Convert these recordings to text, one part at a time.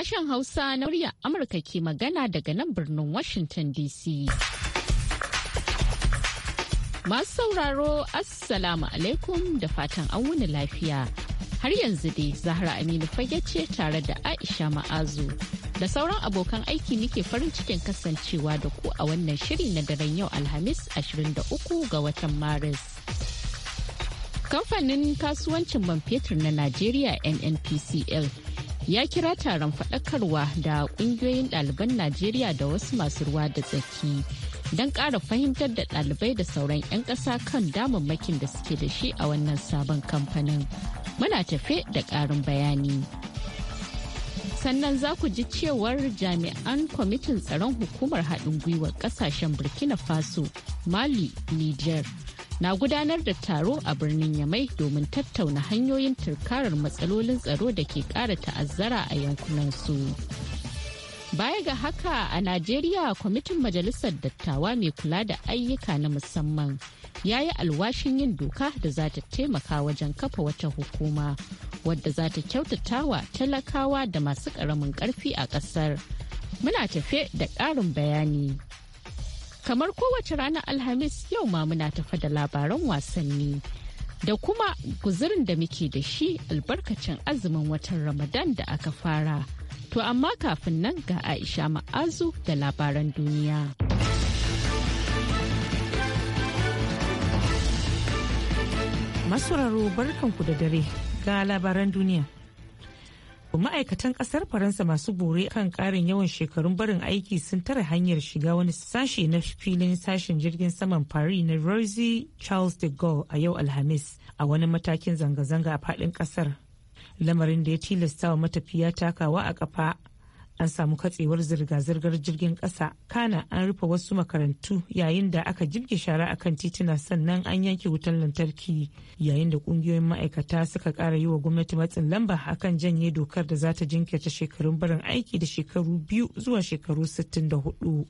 Sashen Hausa na murya Amurka ke magana daga nan birnin Washington DC. Masu sauraro, Assalamu alaikum da fatan an wuni lafiya. Har yanzu dai Zahra Aminu fage ce tare da Aisha Ma'azu. Da sauran abokan aiki muke farin cikin kasancewa da ku a wannan shiri na daren yau Alhamis 23 ga watan Maris. Kamfanin kasuwancin man fetur na Najeriya NNPCL ya kira taron faɗakarwa da ƙungiyoyin ɗaliban Najeriya da wasu masu ruwa da tsaki don ƙara fahimtar da ɗalibai da sauran 'yan ƙasa kan damammakin da suke da shi a wannan sabon kamfanin. Muna tafe da ƙarin bayani. sannan za ku ji cewar jami'an kwamitin tsaron hukumar haɗin gwiwar ƙasashen burkina faso mali niger na gudanar da taro a birnin Yamai domin tattauna hanyoyin turkarar matsalolin tsaro da ke ƙara ta'azzara a yankunan su. Baya ga haka a Najeriya kwamitin Majalisar Dattawa mai kula da ayyuka na musamman ya yi alwashin yin doka da za ta taimaka wajen kafa wata hukuma wadda za ta kyautatawa talakawa da masu ƙaramin ƙarfi a ƙasar. Muna tafe da ƙarin bayani. kamar kowace ranar alhamis yau ma muna tafa da labaran wasanni da kuma guzurin da muke da shi albarkacin azumin watan ramadan da aka fara to amma kafin nan ga aisha ma'azu da labaran duniya masauraro barkanku da dare ga labaran duniya ma'aikatan kasar faransa masu bore kan karin yawan shekarun barin aiki sun tare hanyar shiga wani sashe na filin sashen jirgin saman paris na rosy charles de gaulle a yau alhamis a wani matakin zanga-zanga a fadin kasar lamarin da ya tilasta wa matafiya takawa a kafa an samu katsewar zirga-zirgar jirgin ƙasa kana an rufe wasu makarantu yayin da aka jibge shara a kan tituna sannan an yanke wutar lantarki yayin da ƙungiyoyin ma'aikata suka ƙara yi wa gwamnati matsin lamba akan janye dokar da za ta jinkirta shekarun barin aiki da shekaru biyu zuwa shekaru sittin da hudu.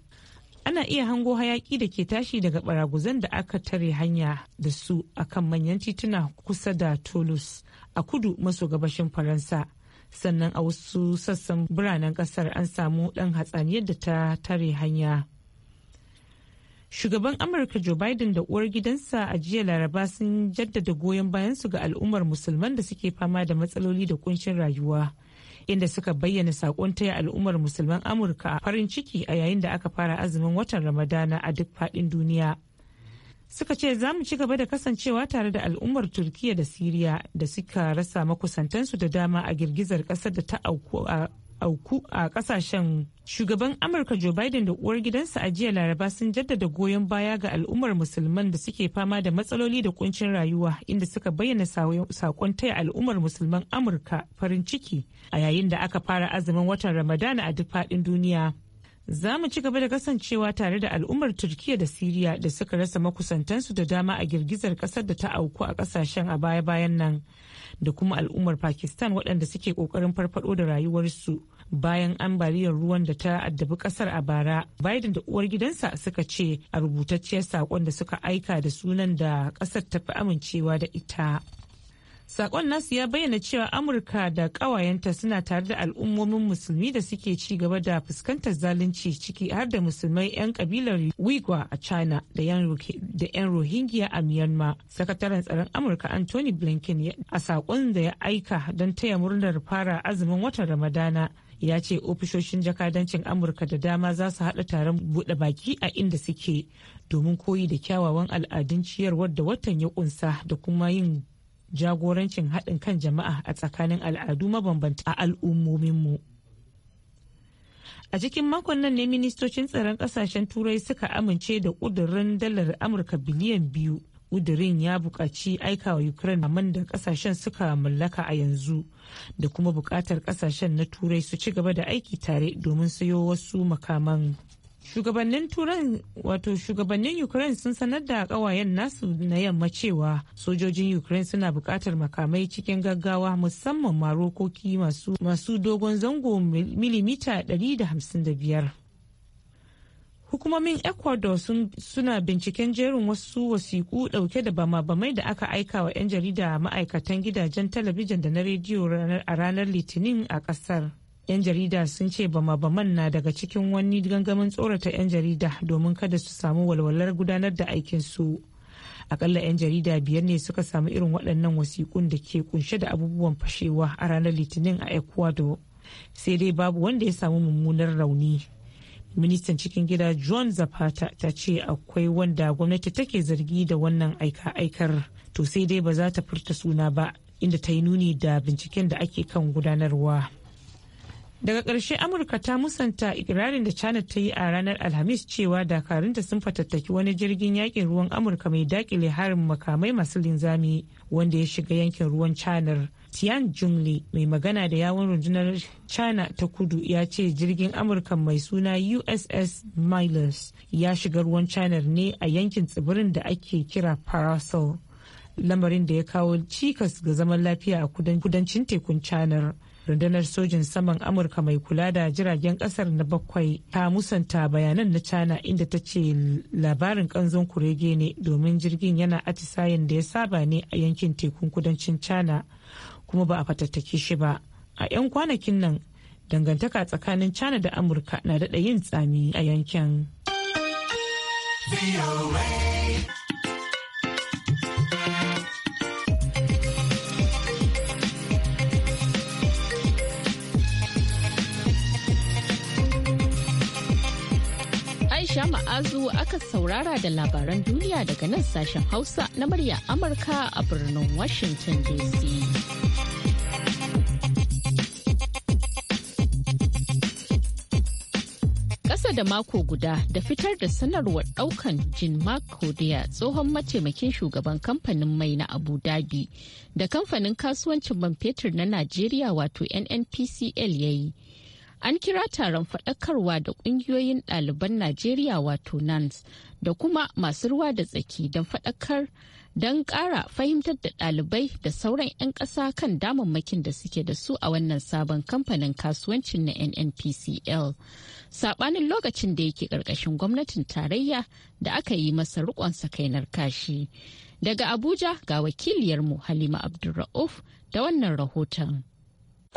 ana iya hango hayaki da ke tashi daga baraguzan da aka tare hanya da su akan manyan tituna kusa da toulouse a kudu maso gabashin faransa sannan a wasu sassan biranen kasar an samu ɗan hatsaniyar da ta tare hanya shugaban amurka joe biden da uwar gidansa a jiya laraba sun jaddada goyon bayansu ga al'ummar musulman da suke fama da matsaloli da kuncin rayuwa inda suka bayyana sakon taya al'ummar musulman amurka a farin ciki a yayin da aka fara azumin watan ramadana a duk faɗin duniya suka ce za mu ci gaba da kasancewa tare da al'ummar turkiya da siriya da suka rasa makusantansu da dama a girgizar kasar da ta auku a kasashen shugaban amurka joe biden da uwar gidansa a jiya laraba sun jaddada goyon baya ga al'ummar musulman da suke fama da matsaloli da kuncin rayuwa inda suka bayyana sakon taya al'ummar musulman amurka farin ciki a yayin da aka fara azumin watan ramadana a duk faɗin duniya za mu ci gaba da kasancewa tare da al'ummar turkiya da siriya da suka rasa makusantansu da dama a girgizar kasar da ta auku a kasashen a baya-bayan nan da kuma al'ummar pakistan waɗanda suke ƙoƙarin farfaɗo da rayuwarsu bayan ambaliyar ruwan da ta addabi ƙasar a bara biden da uwar gidansa suka ce a rubutacciyar saƙon da suka aika da sunan da ƙasar ta fi amincewa da ita Sakon nasu ya bayyana cewa Amurka da ƙawayenta suna tare da al'ummomin musulmi da suke ci gaba da fuskantar zalunci ciki har da musulmai 'yan kabilar Uyghur a China da 'yan Rohingya a Myanmar. Sakataren tsaron Amurka Anthony Blinken a sakon da ya aika don taya murnar fara azumin watan Ramadana. ya ce ofishoshin jakadancin amurka da dama za su haɗa taron buɗe baki a inda suke domin koyi da kyawawan al'adun ciyarwar da watan ya kunsa da kuma yin jagorancin haɗin kan jama'a a tsakanin al'adu mabambanta a al'ummominmu. A cikin makon nan ne ministocin tsaron ƙasashen turai suka amince da ƙudurin dalar Amurka biliyan biyu. ƙudurin ya buƙaci wa Ukraine man da ƙasashen suka mallaka a yanzu da kuma buƙatar ƙasashen na turai su ci gaba da aiki tare domin sayo wasu makaman. shugabannin turan wato shugabannin ukraine sun sanar da kawayen nasu na yamma cewa sojojin ukraine suna buƙatar makamai cikin gaggawa musamman marokoki masu dogon zango milimita 155 hukumomin ecuador suna binciken jerin wasu wasiku dauke da bama-bamai da aka aika wa 'yan jarida ma'aikatan gidajen talabijin da na rediyo a ranar litinin a kasar 'yan jarida sun ce bama-baman na daga cikin wani gangamin tsorata 'yan jarida domin kada su samu walwalar gudanar da aikinsu akalla 'yan jarida biyar ne suka samu irin waɗannan wasikun da ke kunshe da abubuwan fashewa a ranar litinin a ecuador sai dai babu wanda ya samu mummunar rauni ministan cikin gida john zapata ta ce akwai wanda gwamnati take zargi da wannan aika-aikar to sai dai ba za ta furta suna ba inda ta yi nuni da binciken da ake kan gudanarwa. daga ƙarshe amurka ta musanta ikirarin da china ta yi a ranar alhamis cewa dakarunta sun fatattaki wani jirgin yakin ruwan amurka mai dakile harin makamai masu linzami wanda ya shiga yankin ruwan china tian jungli mai magana da yawon rundunar china ta kudu ya ce jirgin amurka mai suna uss miles ya shiga ruwan china ne a yankin tsibirin da ake kira parasol lamarin da ya kawo cikas ga zaman lafiya a kudancin tekun china rundunar sojin saman amurka mai kula da jiragen kasar na bakwai ta musanta bayanan na china inda ta ce labarin kanzon kurege ne domin jirgin yana atisayen da ya saba ne a yankin tekun kudancin china kuma ba a fatattake shi ba a 'yan kwanakin nan dangantaka tsakanin china da amurka na daɗa yin tsami a yankin. azu aka saurara da labaran duniya daga nan sashen Hausa na murya Amurka a birnin Washington DC. kasa da mako guda da fitar da sanarwar daukan Jin daya tsohon mataimakin shugaban kamfanin mai na Abu Dhabi da kamfanin kasuwancin ban fetur na Najeriya wato NNPCL ya yi. an kira taron faɗakarwa da ƙungiyoyin ɗaliban najeriya wato nans da kuma masu ruwa da tsaki don faɗakar don ƙara fahimtar da ɗalibai da sauran 'yan ƙasa kan damammakin da suke da su a wannan sabon kamfanin kasuwancin na nnpcl saɓanin lokacin da yake ƙarƙashin gwamnatin tarayya da aka yi masa riƙon sakainar kashi daga abuja ga wakiliyarmu halima abdulra'uf da wannan rahoton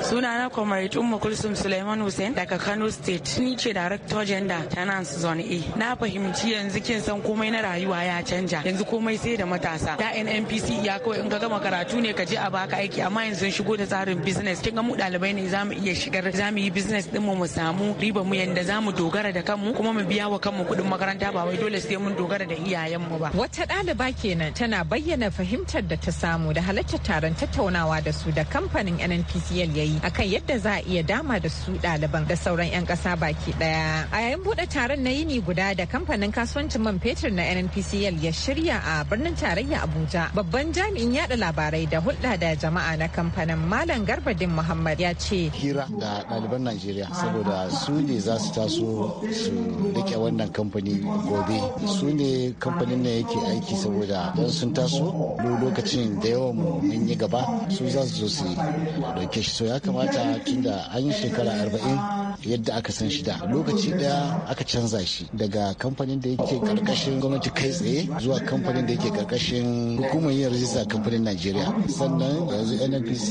Sunana Comrade Umma Kulsum Suleiman Hussein daga Kano State. Ni ce Director Gender Tenants Zone A. Na fahimci yanzu kin san komai na rayuwa ya canja. Yanzu komai sai da matasa. Da NNPC ya kawai in ka gama karatu ne ka je a baka aiki amma yanzu shigo da tsarin business. Kin ga mu ɗalibai ne za mu iya shigar za mu yi business din mu mu samu riba mu yanda mu dogara da kanmu kuma mu biya wa kanmu kuɗin makaranta ba wai dole sai mun dogara da iyayenmu ba. Wata ɗaliba kenan tana bayyana fahimtar da ta samu da halartar taron tattaunawa da su da kamfanin NNPCL ya ya yi akan yadda za a iya dama da su ɗaliban da sauran 'yan ƙasa baki ɗaya. A yayin buɗe taron na yini guda da kamfanin kasuwancin man fetur na NNPCL ya shirya a birnin tarayya Abuja. Babban jami'in yada labarai da hulɗa da jama'a na kamfanin Malam Garbadin Muhammad ya ce. Hira da ɗaliban Najeriya saboda su ne za su taso su rike wannan kamfani gobe. Su ne kamfanin ne yake aiki saboda don sun taso lokacin da yawan mun yi gaba su za su zo su ɗauke shi. ya kamata tunda an yi shekara arba'in yadda aka san shi da lokaci daya aka canza shi daga kamfanin da yake karkashin gwamnati kai tsaye zuwa kamfanin da yake karkashin hukumar yin rajista kamfanin najeriya sannan yanzu nnpc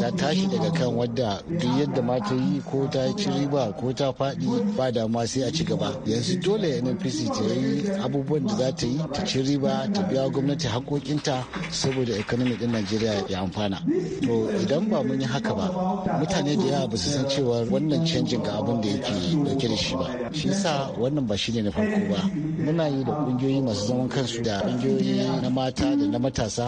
ta tashi daga kan wadda duk yadda ma ta yi ko ta ci riba ko ta faɗi ba da ma sai a ci gaba yanzu dole nnpc ta yi abubuwan da za ta yi ta ci riba ta biya gwamnati hakokinta saboda economy din najeriya ya amfana to idan ba mun yi haka ba mutane da yawa ba su san cewa wannan canji jin ga abin da yake dauke da shi ba shi yasa wannan ba shine na farko ba muna yi da kungiyoyi masu zaman kansu da kungiyoyi na mata da na matasa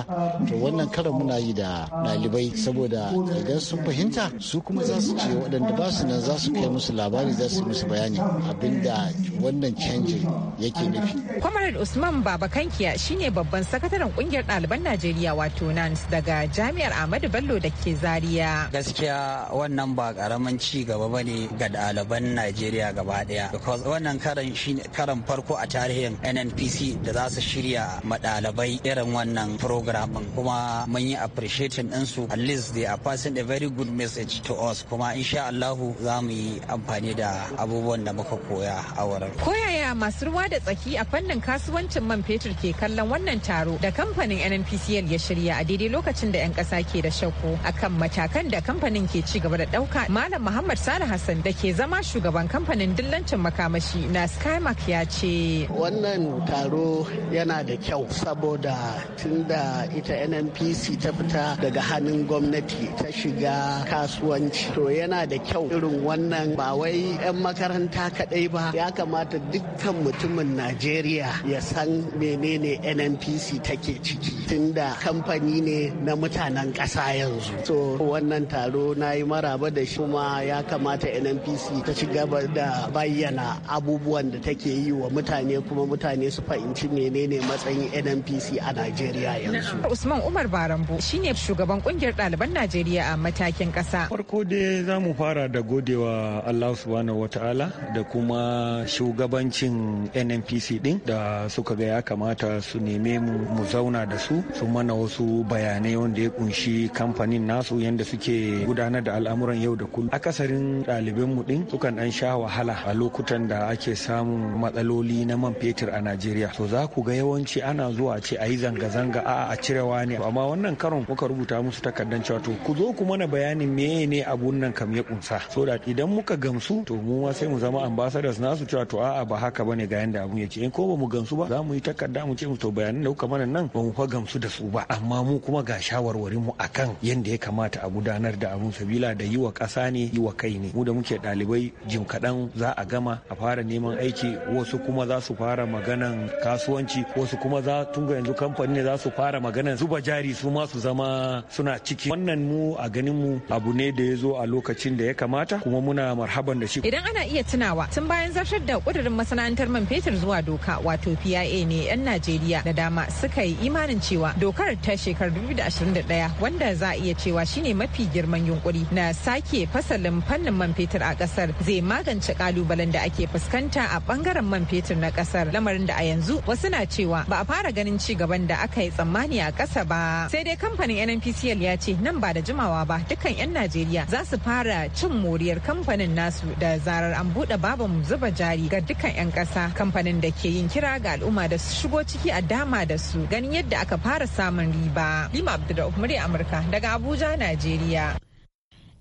to wannan karan muna yi da ɗalibai saboda idan sun fahimta su kuma za su ce waɗanda ba su nan za su kai musu labari za su musu bayani abinda wannan canjin yake nufi. Comrade Usman Babakankiya shine babban sakataren kungiyar ɗaliban Najeriya wato NANS daga Jami'ar Ahmadu Bello da ke Zaria. Gaskiya wannan ba karamin ci gaba ba ne ga ɗaliban Najeriya gaba ɗaya. Because wannan karan shi karan farko a tarihin NNPC da za su shirya maɗalibai irin wannan program kuma mun yi appreciating su at least they are passing a very good message to us kuma insha Allahu za mu yi amfani da abubuwan da muka koya a wurin. Koyaya masu ruwa da tsaki a fannin kasuwancin man fetur ke kallon wannan taro da kamfanin NNPCL ya shirya a daidai lokacin da 'yan ƙasa ke da shakku akan matakan da kamfanin ke ci gaba da ɗauka Malam Muhammad Sani Hassan da ke zama shugaban kamfanin dillancin makamashi na skymark ya ce wannan taro yana da kyau saboda tun da ita nnpc ta fita daga hannun gwamnati ta shiga kasuwanci to yana da kyau irin wannan ba wai 'yan makaranta kaɗai ba ya kamata dukkan mutumin najeriya ya san menene nnpc take ciki tun da kamfani ne na mutanen ƙasa yanzu to wannan taro na yi maraba da shi kuma ya kamata nnpc nnpc ta ci gaba da bayyana abubuwan da take yi wa mutane kuma mutane su fahimci menene matsayin nnpc a najeriya yanzu usman umar barambo ne shugaban kungiyar ɗaliban najeriya a matakin ƙasa farko dai za mu fara da godewa allah subhanahu wata'ala da kuma shugabancin nnpc din da suka ga ya kamata su neme mu mu zauna da su su mana wasu bayanai wanda ya kunshi kamfanin nasu yadda suke gudanar da al'amuran yau da kullum akasarin ɗalibai mu din sukan dan sha wahala a lokutan da ake samun matsaloli na man fetur a Najeriya. To za ku ga yawanci ana zuwa ce a yi zanga-zanga a a cirewa ne amma wannan karon muka rubuta musu takardan cewa to ku zo ku mana bayanin meye ne abun nan kam ya kunsa so da idan muka gamsu to mu ma sai mu zama ambassadors nasu cewa to a'a ba haka bane ga yanda abun yake in ko ba mu gamsu ba za mu yi takarda mu ce mu to bayanan da kuka mana nan ba mu fa gamsu da su ba amma mu kuma ga shawarwarin mu akan yanda ya kamata a gudanar da abun sabila da yi wa ƙasa ne yi wa kai ne mu da wanke ɗalibai jim kaɗan za a gama a fara neman aiki wasu kuma za su fara maganan kasuwanci wasu kuma za tunga yanzu kamfani ne za su fara maganan zuba jari su ma su zama suna ciki wannan mu a ganin mu abu ne da ya zo a lokacin da ya kamata kuma muna marhaban da shi idan ana iya tunawa tun bayan zartar da kudirin masana'antar man fetur zuwa doka wato PIA ne yan Najeriya da dama suka yi imanin cewa dokar ta shekarar 2021 wanda za a iya cewa shine mafi girman yunkuri na sake fasalin fannin man fetur fetur a kasar zai magance kalubalen da ake fuskanta a bangaren man fetur na kasar lamarin da a yanzu wasu na cewa ba a fara ganin ci gaban da aka yi tsammani a kasa ba sai dai kamfanin NNPCL ya ce nan ba da jimawa ba dukkan 'yan Najeriya za su fara cin moriyar kamfanin nasu da zarar an buɗe babu zuba jari ga dukkan 'yan ƙasa kamfanin da ke yin kira ga al'umma da su shigo ciki a dama da su ganin yadda aka fara samun riba. Lima Abdulrahman Amurka daga Abuja, Najeriya.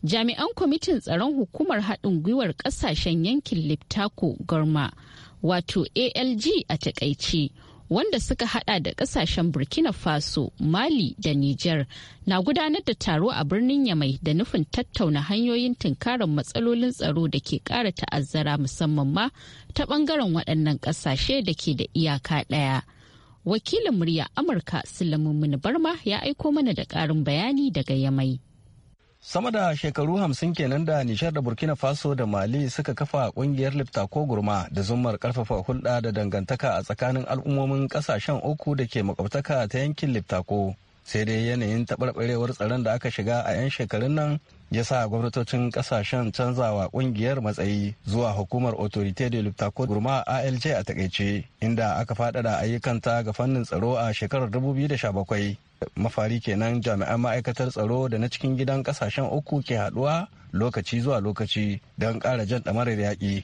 jami'an kwamitin tsaron hukumar haɗin gwiwar ƙasashen yankin liptako gorma wato alg a takaice wanda suka hada da ƙasashen burkina faso mali da niger na gudanar da taro a birnin yamai da nufin tattauna hanyoyin tunkarar matsalolin tsaro da ke kara ta'azzara musamman ma ta bangaren waɗannan ƙasashe da ke da iyaka ɗaya wakilin murya amurka sulamun barma ya aiko mana da ƙarin bayani daga yamai sama da shekaru hamsin kenan da nishar da burkina faso da mali suka kafa kungiyar lifta ko gurma da zumar karfafa hulɗa da dangantaka a tsakanin al'ummomin kasashen uku da ke makwabtaka ta yankin lifta sai dai yanayin taɓarɓarewar tsaron da aka shiga a 'yan shekarun nan ya sa gwamnatocin ƙasashen canzawa ƙungiyar matsayi zuwa hukumar autorite de luptako gurma alj a takaice inda aka faɗaɗa ayyukanta ga fannin tsaro a shekarar 2017 mafari kenan jami'an ma'aikatar tsaro da na cikin gidan ƙasashen uku ke haɗuwa lokaci zuwa lokaci don ƙara jan ɗamarar yaƙi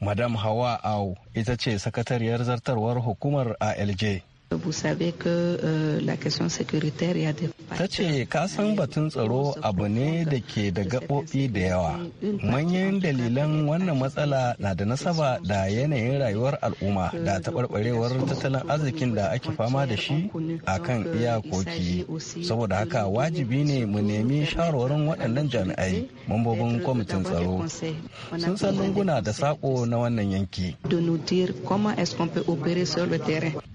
madam hawa au ita ce sakatariyar zartarwar hukumar alj Euh, Ta ce kasan batun tsaro abu ne da ke da gaɓoɓi da yawa. Manyan dalilan wannan matsala na da nasaba da yanayin rayuwar al'umma da taɓarɓarewar tattalin arzikin da ake fama da shi a kan euh, iyakoki. Saboda haka wajibi ne mu nemi shawarwarin waɗannan jami'ai mambobin kwamitin tsaro. Sun san lunguna da saƙo na wannan yanki.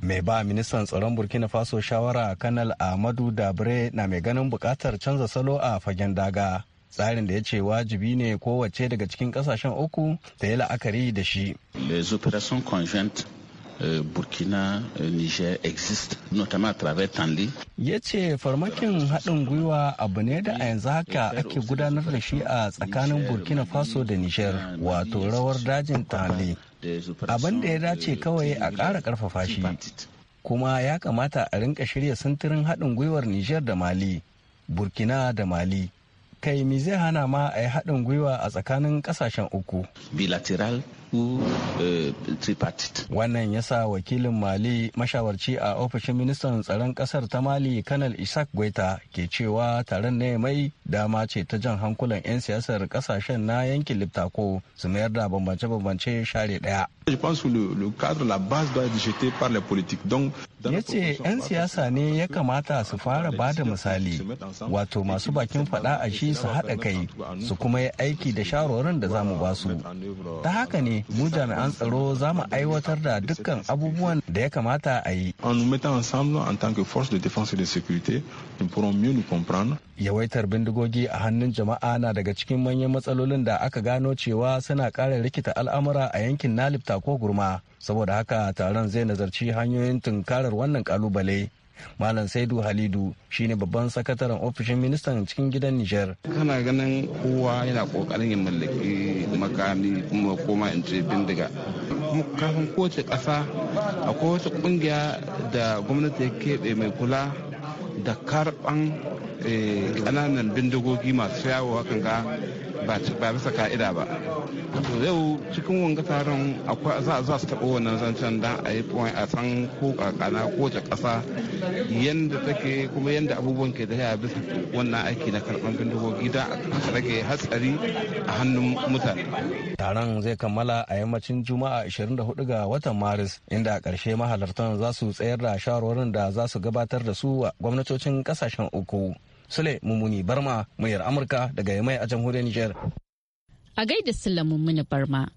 Mai ba mini ministan tsaron burkina faso shawara kanal da dabre na mai ganin bukatar canza salo a fagen daga tsarin da ya ce wajibi ne kowace daga cikin kasashen uku ta yi la'akari da shi les opérations euh, burkina euh, niger exist notamment à travers tanli ya ce farmakin haɗin gwiwa abu ne da a yanzu haka ake gudanar da shi a tsakanin burkina faso da niger wato rawar dajin tanli abin da ya dace kawai a ƙara ƙarfafa shi kuma ya kamata a rinka shirya sintirin haɗin gwiwar Nijar da Mali, Burkina da Mali. Kai mi zai hana ma a yi haɗin gwiwa a tsakanin ƙasashen uku. Bilateral uku eh, tripartite. Wannan ya sa wakilin Mali mashawarci a ofishin ministan tsaron kasar ta Mali Kanal Isaac Gwaita ke cewa taron ne mai dama ce ta jan hankulan 'yan siyasar kasashen na yankin Liptako su mayar da bambance-bambance share ɗaya. ya ce 'yan siyasa ne ya kamata su fara ba da misali wato masu bakin faɗa a shi su haɗa kai su kuma yi aiki da shawarwarin da za mu ba su ta haka ne mu jami'an tsaro za mu aiwatar da dukkan abubuwan da ya kamata a yi. Yawaitar bindigogi a hannun jama'a na daga cikin manyan matsalolin da aka gano cewa suna ƙara rikita al'amura a yankin Nalifta ko Gurma. Saboda haka taron zai nazarci hanyoyin tunkarar wannan ƙalubale. malam saidu halidu shine babban sakataren ofishin ministan cikin gidan niger. kana ganin kowa yana kokarin ya mallaki makami kuma koma in ce bindiga kafin kowace ƙasa akwai wata ƙungiya da gwamnati ya keɓe mai kula da karɓan eh, ƙananan bindigogi masu yawo hakan ga ba bisa ka'ida ba to yau cikin wanga taron akwai za su taɓa wannan zancen don a yi a san ko kakana ko ta ƙasa yadda take kuma yadda abubuwan ke da ya bisa wannan aiki na karɓar bindigogi don a rage hatsari a hannun mutane taron zai kammala a yammacin juma'a 24 ga watan maris inda a ƙarshe mahalartan za su tsayar da shawarwarin da za su gabatar da su wa gwamnatocin ƙasashen uku Sule Mummuni Barma muryar Amurka daga Yamai a jamhuriyar Nijar. A gaida Sule Mummuni Barma.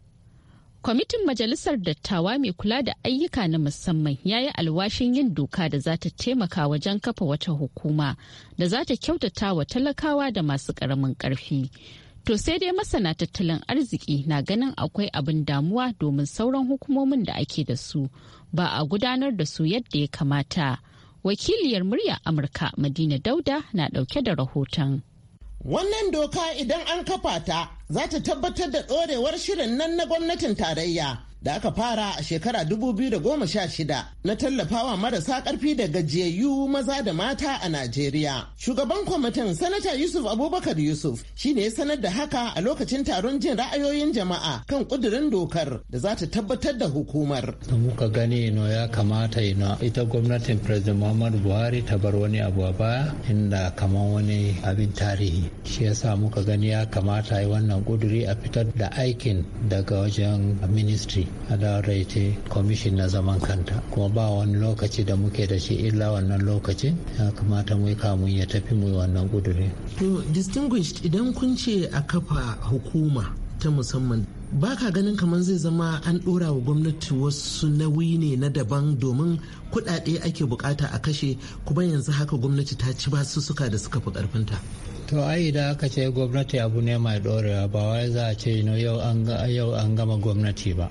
Kwamitin Majalisar Dattawa mai kula da ayyuka na musamman ya yi alwashin yin doka da za ta taimaka wajen kafa wata hukuma da za ta kyautata wa talakawa da masu ƙaramin ƙarfi. To sai dai masana tattalin arziki na ganin akwai abin damuwa domin sauran hukumomin da ake da su ba a gudanar da su yadda ya kamata. wakiliyar murya amurka madina dauda na dauke da rahoton wannan doka idan an kafa ta za ta tabbatar da tsorewar shirin nan na gwamnatin tarayya da aka fara a shekara 2016 na tallafawa marasa karfi da gajiyayyu maza da mata a Najeriya. Shugaban kwamitin Sanata Yusuf Abubakar Yusuf shi ne ya sanar da haka a lokacin taron jin ra'ayoyin jama'a kan kudirin dokar da za ta tabbatar da hukumar. Muka gani ino ya kamata ino ita gwamnatin President Muhammad Buhari ta bar wani abu a baya inda kamar wani abin tarihi. Shi yasa muka gani ya kamata yi wannan kuduri a fitar da aikin daga wajen ministry da ita kwamishin na zaman kanta kuma ba wani lokaci da muke da shi illa wannan lokacin ya kamata mu kamun ya tafi mu wannan kudurin. to distinguished idan kun ce a kafa hukuma ta musamman ba ka ganin kamar zai zama an dora wa gwamnati wasu nauyi ne na daban domin kuɗaɗe ake bukata a kashe kuma yanzu haka gwamnati ta ci suka da suka fi karfinta to ai da aka ce gwamnati abu ne mai dorewa ba wai za a ce yau an gama gwamnati ba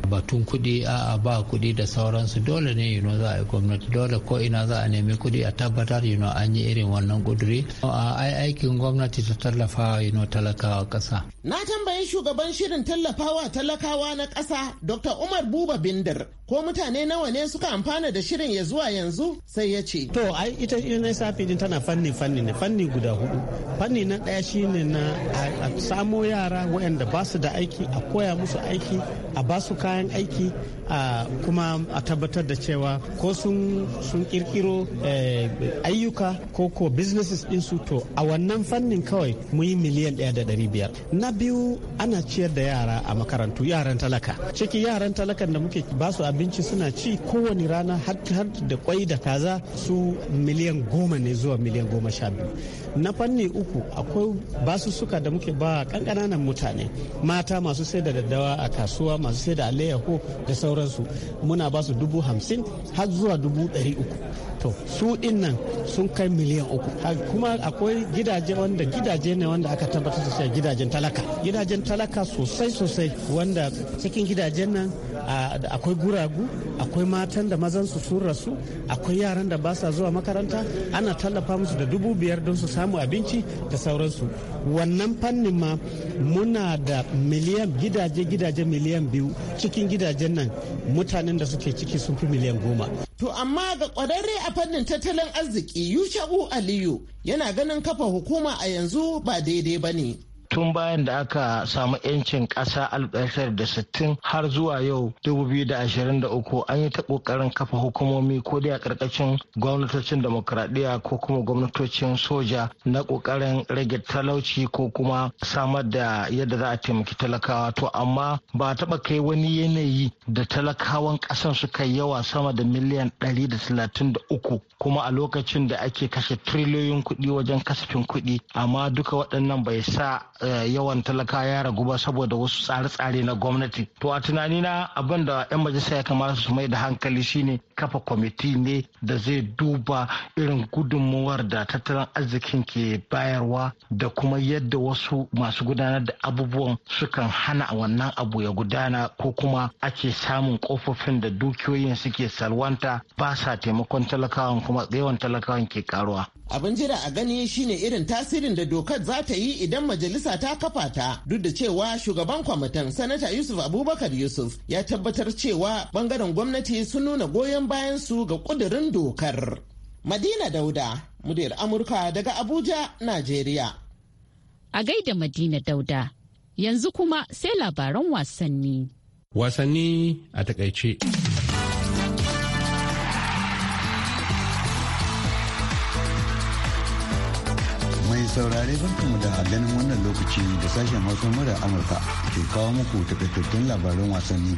batun kuɗi a ba kuɗi da sauransu dole ne yino za a yi gwamnati dole ko ina za a nemi kuɗi a tabbatar yino an yi irin wannan kuduri a aikin gwamnati ta tallafa yino talakawa kasa. na tambayi shugaban shirin tallafawa talakawa na ƙasa dr umar buba bindir ko mutane nawa ne suka amfana da shirin ya zuwa yanzu sai ya ce. to ai ita safi din tana fanni fanni ne fanni guda hudu fanni na ɗaya shine na a samo yara waɗanda ba su da aiki a koya musu aiki a ba su kayan kayan aiki kuma a tabbatar da cewa ko sun kirkiro eh, ayyuka ko ko businesses su to a wannan fannin kawai mu yi miliyan ɗaya da ɗari biyar na biyu ana ciyar da yara a makarantu yaran talaka ciki yaran talakan da muke ba su abinci suna ci kowane rana har har da kwai da kaza su miliyan goma ne zuwa miliyan goma sha biyu na fanni uku akwai suka da muke ba kankananan mutane mata masu sai da daddawa a kasuwa masu sai da alayyaho da sauran sauransu muna ba su dubu hamsin har zuwa dubu ɗari uku to su dinnan sun kai miliyan uku kuma akwai gidaje wanda gidaje ne wanda aka tabbatar da gidajen talaka gidajen talaka sosai sosai wanda cikin gidajen nan akwai guragu akwai matan da mazan su sun rasu akwai yaran da ba sa zuwa makaranta ana tallafa musu da dubu biyar don su samu abinci da sauransu wannan fannin ma muna da miliyan gidaje gidaje miliyan biyu cikin gidajen nan mutanen da suke ciki sun fi miliyan goma to amma ga kwararre a fannin tattalin arziki yusha'u aliyu yana ganin kafa hukuma a yanzu ba daidai ba ne tun bayan da aka samu 'yancin ƙasa sittin har zuwa yau 2023 an yi ta ƙoƙarin kafa hukumomi ko dai a ƙarƙashin gwamnatocin demokuraɗiyya ko kuma gwamnatocin soja na ƙoƙarin rage talauci ko kuma samar da yadda za a taimaki talakawa to amma ba a taɓa kai wani yanayi da talakawan ƙasan suka yawa sama da miliyan 133 kuma a lokacin da ake kashe triliyoyin kuɗi wajen kasafin kuɗi amma duka waɗannan bai sa Eh, yawan talaka ya ragu ba saboda wasu tsare-tsare na gwamnati to a tunanina abin da 'yan majalisa ya kamata su mai da hankali shine kafa kwamiti ne da zai duba irin gudunmuwar da tattalin arzikin ke bayarwa da kuma yadda wasu masu gudanar da abubuwan sukan hana wannan abu ya gudana ko kuma ake samun kofofin da dukiyoyin suke salwanta ba sa taimakon talakawan kuma yawan talakawan ke karuwa abin jira a gani shine irin tasirin da dokar za ta yi idan majalisa ta kafa ta duk da cewa shugaban kwamitin sanata yusuf abubakar yusuf ya tabbatar cewa bangaren gwamnati sun nuna goyon bayan su ga kudirin dokar madina dauda muryar amurka daga abuja najeriya a gaida madina dauda yanzu kuma sai labaran wasanni wasanni a takaice saurare barkamu da ganin wannan lokaci da sashen hausa mura Amurka ke kawo muku takaitattun labaran wasanni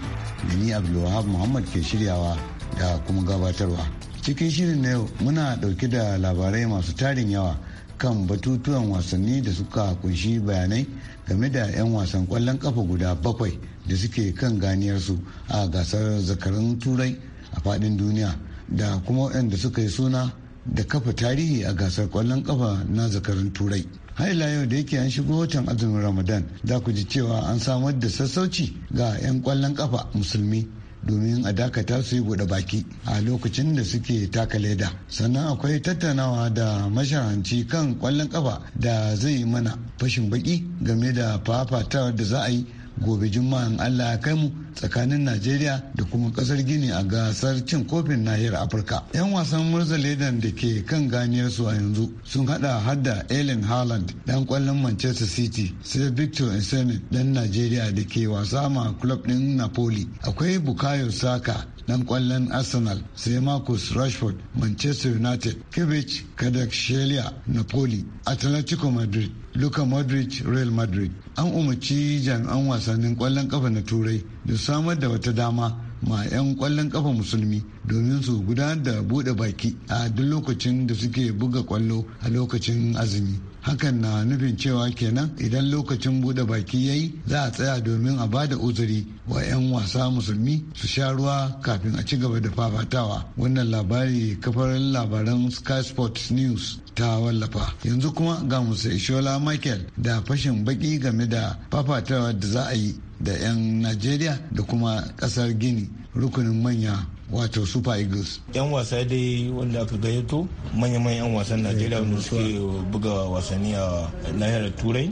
da ni Abdulwahab Muhammad ke shiryawa da kuma gabatarwa. Cikin shirin na yau muna dauke da labarai masu tarin yawa kan batutuwan wasanni da suka kunshi bayanai game da 'yan wasan kwallon kafa guda bakwai da suke kan ganiyarsu a gasar zakarun turai a faɗin duniya da kuma waɗanda suka yi suna da kafa tarihi a gasar kwallon kafa na zakarin turai har yau da yake an shigo watan azumin ramadan za ku ji cewa an samar da sassauci ga 'yan kwallon kafa musulmi domin a dakata su yi buɗe baki a lokacin da suke taka leda sannan akwai tattaunawa da mashahanci kan kwallon kafa da zai mana fashin baki game da fafatawar da za a yi gobe juma'a in allah ya kai mu tsakanin najeriya da kuma kasar gini a gasar cin kofin nahiyar afirka yan wasan murza ledan da ke kan ganiyar su a yanzu sun hada hadda ellen haaland dan kwallon manchester city sai victor insane dan najeriya da ke wasa ma club din napoli akwai bukayo saka Ɗan kwallon arsenal sai marcus rashford manchester united kibic kadaksheliya napoli atletico madrid luka modric real madrid an umarci jami'an wasannin kwallon kafa na turai da samar da wata dama ma 'yan kwallon kafa musulmi domin su gudanar da bude baki a duk lokacin da suke buga kwallo a lokacin azumi hakan na nufin cewa kenan idan lokacin bude baki ya yi za a tsaya domin a bada uzuri wa 'yan wasa musulmi su sha ruwa kafin a ci gaba da fafatawa wannan labari kafar labaran sky sports news ta wallafa yanzu kuma ga musa ishola michael da fashin baki game da fafatawa da za a yi da 'yan najeriya da kuma kasar gini rukunin manya wato super eagles yan wasa dai wanda aka gayyato manya-manyan yan wasan najeriya wanda suke buga wasanni a nahiyar turai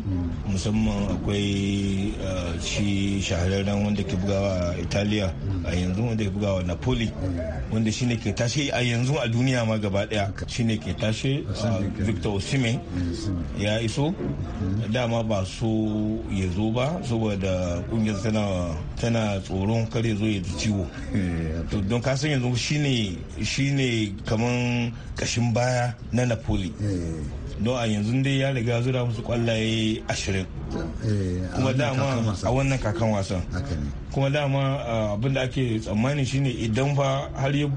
musamman akwai eh, shi shahararren wanda ke bugawa italiya a yanzu wanda ke bugawa napoli wanda shine ke tashe a yanzu a duniya ma gaba daya shine ke tashe victor osimhen ya iso dama ba so ya zo ba saboda kungiyar tana tsoron kare zo ya ciwo eh, ka yanzu shine ne kamar kashin baya na napoli don eh. a yanzu dai ya riga zura musu kwallaye ashirin eh, kuma dama a wannan kakan wasan kuma dama abinda ake tsammani shine idan fa har ya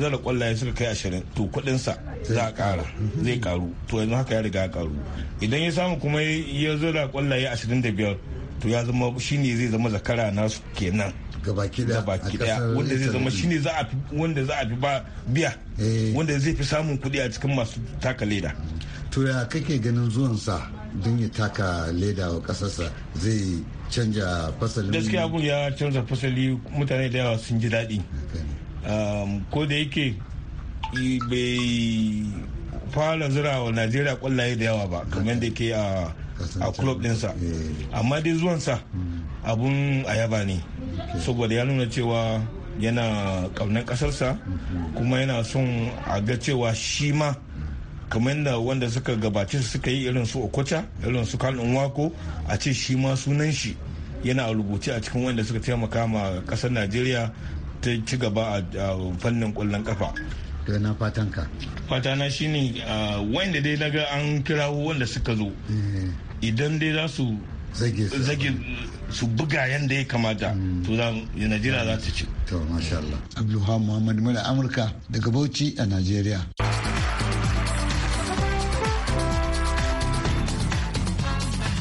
zara kwallaye suka kai ashirin to kudinsa za a kara zai karu to yanzu haka ya riga ya karu idan ya samu kuma ya zura kwallaye ashirin da biyar to ya zama shine zai zama zakara nasu kenan gabaki daya wanda zai zama shine za a fi wanda za a fi ba biya eh. wanda zai fi samun kuɗi a cikin masu taka leda to ya kake ganin zuwan sa don ya taka leda wa kasarsa zai canja fasali gaskiya abun ya canza fasali mutane da yawa sun ji daɗi um, ko da yake bai fara zira wa najeriya kwallaye da yawa ba kamar da ke a club dinsa eh. amma dai zuwansa hmm. abun ayaba ne saboda ya nuna cewa yana ƙaunar ƙasarsa kuma yana son a ga cewa shi ma kamar da wanda suka gabace suka yi irin su okocha irin su kanun wako a ce shi ma sunan shi yana rubuce a cikin wanda suka taimaka ma kasar najeriya ta ci gaba a fannin kwallon kafa na fatan ka fata na shine wanda dai naga an kirawo wanda suka zo eh. idan dai za su zage su buga yadda ya kamata to za najeriya za ta ci to masha Allah Abdullahi muhammad muna amurka daga bauchi a najeriya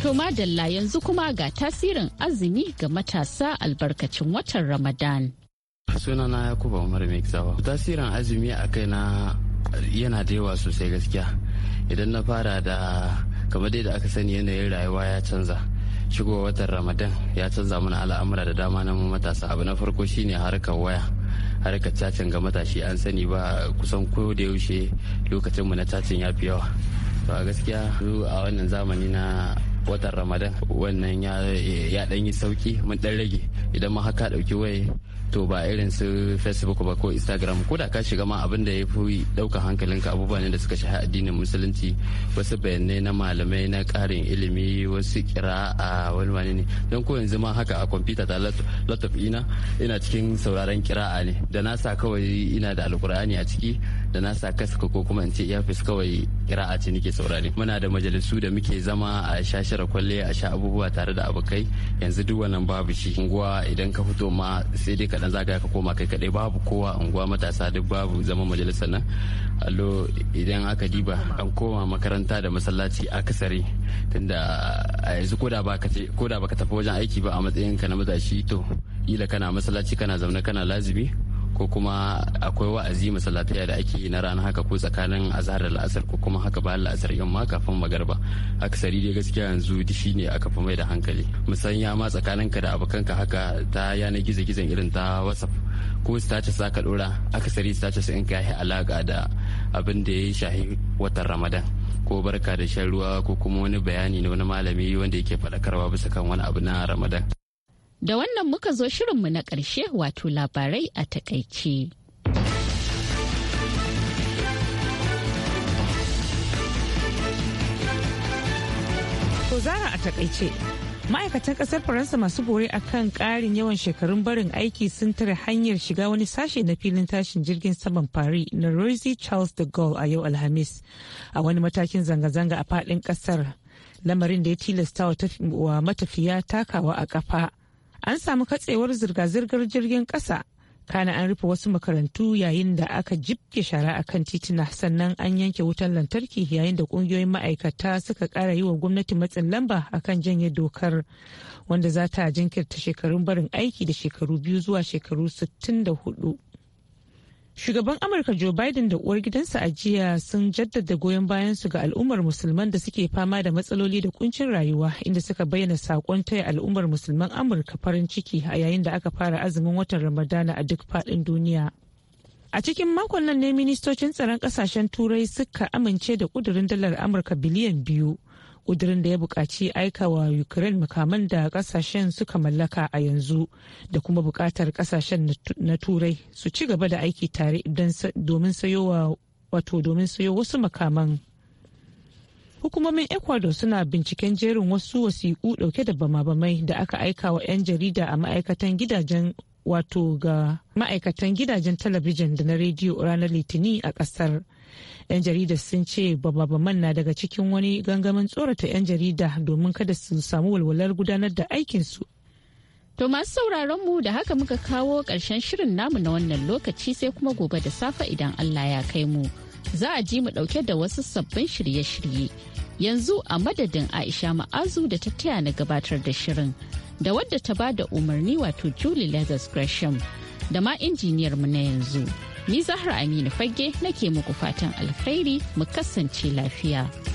To madalla yanzu kuma ga tasirin azumi ga matasa albarkacin watan Ramadan. Suna Sunana Yakuba Umar Mekzawa. Tasirin azumi a kai na yana da yawa sosai gaskiya. Idan na fara da kamar dai da aka sani yanayin rayuwa ya canza. shigowa watan ramadan ya canza mana al'amura da dama na matasa abu na farko shine harkar waya harkar cacin ga matashi an sani ba kusan ko da yaushe lokacin mu na cacin ya fi yawa to a gaskiya a wannan zamani na watan ramadan wannan ya dan yi sauki mun dan rage idan ma haka dauki waye to ba irin su facebook ba ko instagram ko da ka shiga ma abin da ya fi ɗauka hankalinka abubuwa ne da suka shaha addinin musulunci wasu bayanai na malamai na ƙarin ilimi wasu kira a wani wani ne don ko yanzu ma haka a kwamfuta ta laptop ina ina cikin sauraron kira'a ne da na sa kawai ina da alkur'ani a ciki da na sa kaska ko kuma in ce iyafis kawai kira'a ce nake saurari muna da majalisu da muke zama a sha kwalle a sha abubuwa tare da abokai yanzu duk wannan babu shi unguwa idan ka fito ma sai dai kaɗan zagaya ka koma kai kaɗai babu kowa unguwa matasa duk babu zama majalisar nan allo idan aka diba an koma makaranta da masallaci akasari tunda a yanzu ko da ba ka tafi wajen aiki ba a matsayin ka na matashi to kila kana masallaci kana zaune kana lazimi ko kuma akwai wa'azi masallatai da ake yi na rana haka ko tsakanin azhar da la'asar ko kuma haka bayan la'asar yamma kafin magarba akasari dai gaskiya yanzu dishi ne aka fi mai da hankali musanya ma ka da abokanka haka ta yanar gizo-gizon irin ta whatsapp ko status za ka dora akasari status in ka yi alaka da abin da ya shahi watan ramadan ko barka da shan ruwa ko kuma wani bayani na wani malami wanda yake faɗakarwa bisa kan wani abu na ramadan Da wannan muka zo shirinmu na ƙarshe wato labarai a takaice. To zara a takaice. Ma'aikatan ƙasar Faransa masu bore a kan ƙarin yawan shekarun barin aiki sun tare hanyar shiga wani sashe na filin tashin jirgin saman fari na rosy Charles de Gaulle a yau Alhamis a wani matakin zanga-zanga a faɗin ƙasar. lamarin da ya tilasta wa matafiya takawa a ƙafa. an samu katsewar zirga-zirgar jirgin ƙasa kana an rufe wasu makarantu yayin da aka jibge shara a kan titina sannan an yanke wutar lantarki yayin da kungiyoyin ma'aikata suka kara yi wa gwamnati matsin lamba a kan janye dokar wanda za ta jinkirta shekarun barin aiki da shekaru biyu zuwa shekaru 64 Shugaban Amurka Joe Biden da uwar gidansa a jiya sun jaddada goyon bayansu ga al'ummar musulman da suke fama da matsaloli da kuncin rayuwa inda suka bayyana saƙon taya al'ummar musulman Amurka farin ciki a yayin da aka fara azumin watan Ramadana a duk faɗin duniya. A cikin makon nan ne ministocin tsaron ƙasashen turai suka amince da kudurin dalar Amurka biliyan biyu kudirin da ya bukaci aika wa ukraine makaman da ƙasashen suka mallaka a yanzu da kuma bukatar ƙasashen na turai su ci gaba da aiki tare domin sayo wato domin sayo wasu makaman hukumomin ecuador suna binciken jerin wasu wasiƙu ɗauke da bama-bamai da aka aika wa 'yan jarida a ma'aikatan gidajen wato ga ma'aikatan gidajen talabijin da na rediyo ranar litini a ƙasar 'yan jarida sun ce bababaman na daga cikin wani gangamin tsorata 'yan jarida domin kada su samu walwalar gudanar da aikinsu To masu sauraron mu da haka muka kawo ƙarshen shirin namu na wannan lokaci sai kuma gobe da safe idan Allah ya kai mu. Za a ji mu ɗauke da wasu sabbin shirye-shirye. Yanzu a madadin Aisha Ma'azu da ta taya na gabatar da shirin. Da wadda ta ba da umarni wato Julie lagos Gresham da ma injiniyar mu na yanzu. Ni Zahra Aminu Fagge nake muku fatan alkhairi mu kasance lafiya.